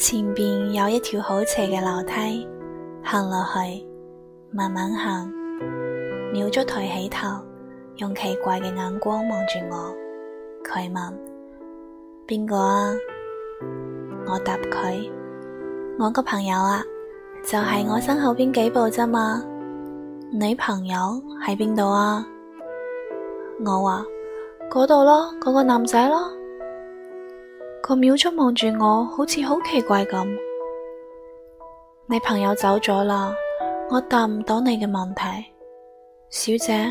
前邊有一條好斜嘅樓梯，行落去，慢慢行。廟祝抬起頭，用奇怪嘅眼光望住我。佢問：邊個啊？我答佢：我個朋友啊，就係、是、我身後邊幾步啫嘛。女朋友喺邊度啊？我話：嗰度 咯，嗰、那個男仔咯。個廟祝望住我，好似好奇怪咁。你朋友走咗啦，我答唔到你嘅問題，小姐。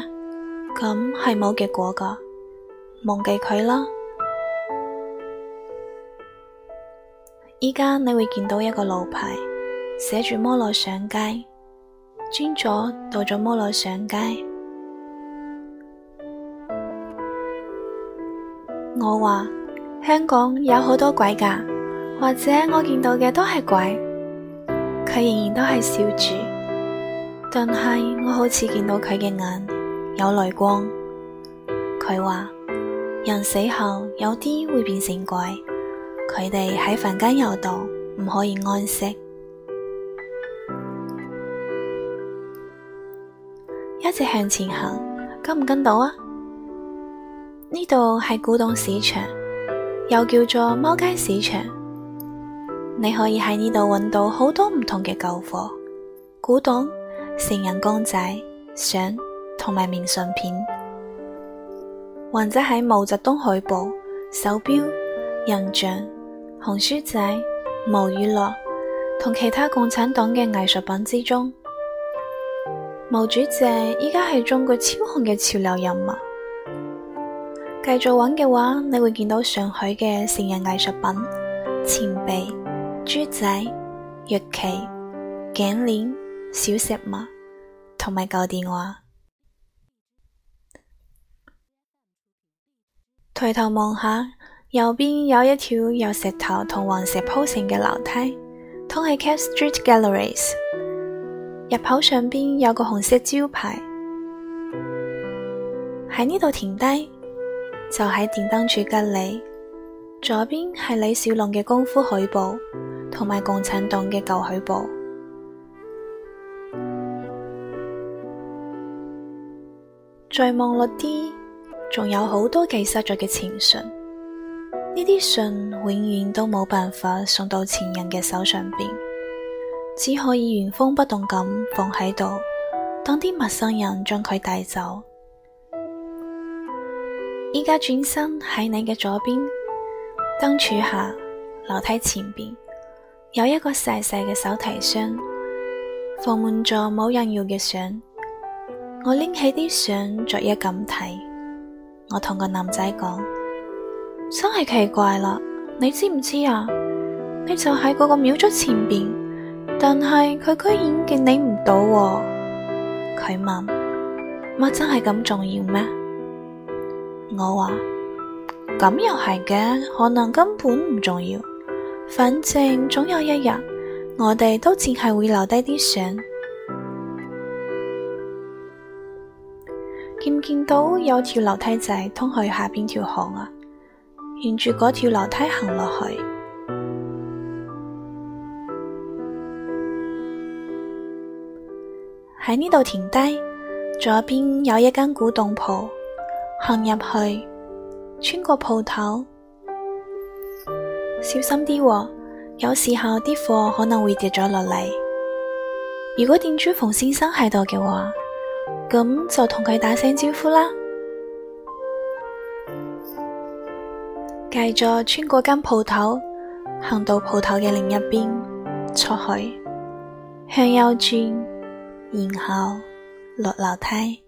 咁係冇結果噶，忘記佢啦。依家你會見到一個路牌，寫住摩羅上街，轉左到咗摩羅上街。我話。香港有好多鬼噶，或者我見到嘅都係鬼，佢仍然都係笑住。但係我好似見到佢嘅眼有淚光。佢話，人死後有啲會變成鬼，佢哋喺凡間遊蕩，唔可以安息。一直向前行，跟唔跟到啊？呢度係古董市場。又叫做貓街市場，你可以喺呢度揾到好多唔同嘅舊貨、古董、成人公仔、相同埋明信片，或者喺毛澤東海報、手錶、人像、紅書仔、毛語錄同其他共產黨嘅藝術品之中。毛主席而家係中國超紅嘅潮流人物。繼續揾嘅話，你會見到上海嘅成人藝術品、錢幣、珠仔、玉器、頸鏈、小飾物同埋舊電話。抬頭望下，右邊有一條由石頭同雲石鋪成嘅樓梯，通去 Cat Street Galleries。入口上邊有個紅色招牌，喺呢度停低。就喺電燈柱隔籬，左邊係李小龍嘅功夫海報，同埋共產黨嘅舊海報。 再望落啲，仲有好多寄失咗嘅情信，呢啲信永遠都冇辦法送到情人嘅手上邊，只可以原封不動咁放喺度，等啲陌生人將佢帶走。而家轉身，喺你嘅左邊，燈柱下，樓梯前邊，有一個細細嘅手提箱，放滿咗冇人要嘅相。我拎起啲相，逐一咁睇。我同個男仔講：真係奇怪啦，你知唔知啊？你就喺嗰個廟祝前邊，但係佢居然見你唔到喔。佢問：乜真係咁重要咩？我話咁又係嘅，可能根本唔重要，反正總有一日我哋都淨係會留低啲相。 見唔見到有條樓梯仔通去下邊條巷啊，沿住嗰條樓梯行落去，喺呢度停低，左邊有一間古董鋪。行入去，穿過鋪頭，小心啲喔，有時候啲貨可能會跌咗落嚟。如果店主馮先生喺度嘅話，咁就同佢打聲招呼啦。繼續穿過間鋪頭，行到鋪頭嘅另一邊出去，向右轉，然後落樓梯。